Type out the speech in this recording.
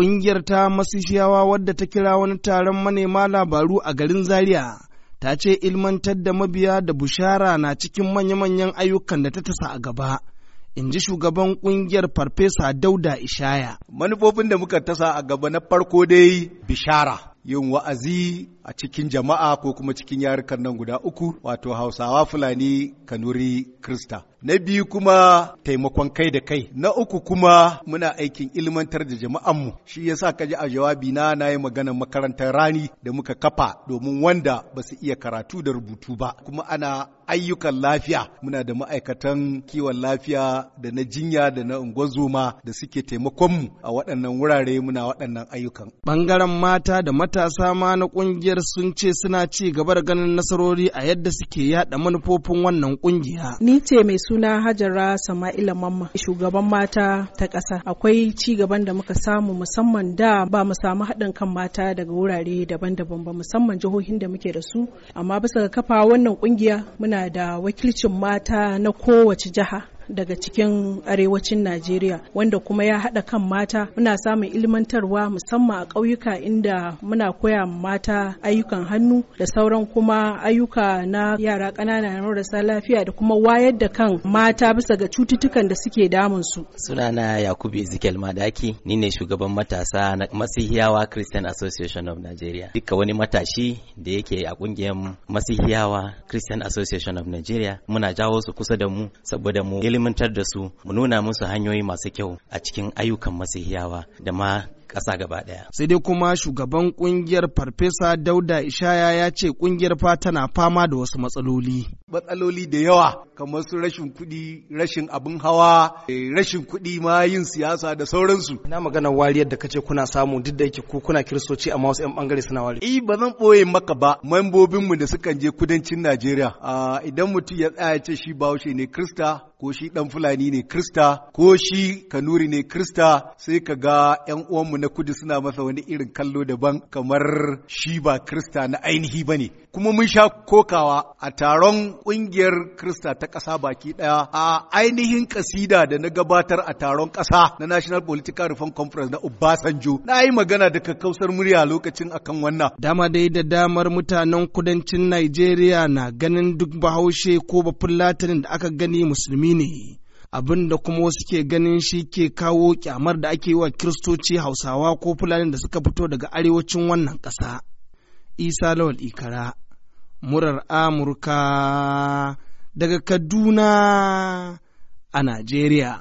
Ƙungiyar ta Masishiyawa wadda ta kira wani taron manema labaru a garin Zaria ta ce ilmantar da mabiya da bushara na cikin manya-manyan ayyukan da ta tasa a gaba. in ji shugaban ƙungiyar farfesa dauda ishaya manufofin da muka tasa a gaba na farko dai bishara yin wa'azi a cikin jama'a ko kuma cikin yarukan nan guda uku wato hausawa fulani kanuri krista na biyu kuma taimakon kai da kai na uku kuma muna aikin ilmantar da jama'anmu shi yasa ka ji a jawabi na na yi maganar makarantar rani da muka kafa domin wanda ba su iya karatu da rubutu ba kuma ana ayyukan lafiya muna da ma'aikatan kiwon lafiya da na jinya da na ungozoma da suke taimakonmu a waɗannan wurare muna waɗannan ayyukan. Bangaren mata da matasa ma na ƙungiyar sun ce suna ci gaba da ganin nasarori a yadda suke yada manufofin wannan kungiya. Ni ce mai suna Hajara Sama'ila Mamma, shugaban mata ta ƙasa. Akwai ci gaban da muka samu musamman da ba mu samu haɗin kan mata daga wurare daban-daban ba musamman jihohin da muke da su. Amma bisa ga kafa wannan kungiya muna da wakilcin mata na kowace jiha. daga cikin arewacin Najeriya wanda kuma ya haɗa kan mata muna samun ilmantarwa musamman a ƙauyuka inda muna koya mata ayyukan hannu da sauran kuma ayyuka na yara ƙanana marasa lafiya da kuma wayar da kan mata bisa ga cututtukan da suke damun su. Sunana Yakubu Ezekiel Madaki ni ne shugaban matasa na Masihiyawa Christian Association of Nigeria. Duka wani matashi da yake a ƙungiyar Masihiyawa Christian Association of Nigeria muna jawo su kusa da mu saboda mu ilmantar da su mu nuna musu hanyoyi masu kyau a cikin ayyukan masihiyawa da ma ƙasa gaba ɗaya. Sai dai kuma shugaban ƙungiyar Farfesa Dauda Ishaya ya ce ƙungiyar fa tana fama da wasu matsaloli. Matsaloli da yawa kamar su rashin kuɗi, rashin abin hawa, eh, rashin kuɗi ma yin siyasa da sauransu. na magana wariyar da kace kuna samu duk da yake ku kuna kiristoci amma wasu 'yan bangare suna wari. Eh ba zan ɓoye maka ba membobinmu da sukan je kudancin Najeriya idan mutum ya tsaya ce shi bahaushe ne Krista ko shi ɗan Fulani ne Krista ko shi Kanuri ne Krista sai ka ga 'yan uwanmu na kudu suna masa wani irin kallo daban kamar shi ba krista na ainihi ba ne kuma mun sha kokawa a taron ƙungiyar krista ta ƙasa baki ɗaya a ainihin kasida da na gabatar a taron ƙasa na national political reform conference na obasanjo na yi magana da kakkausar murya lokacin akan wannan dama dai da damar mutanen kudancin najeriya na ganin duk bahaushe ko bafin latinin da aka gani musulmi ne abin da kuma wasu ke ganin shi ke kawo kyamar da ake yi wa kiristoci hausawa ko fulani da suka fito daga arewacin wannan ƙasa. isa lawal ikara murar amurka daga kaduna a najeriya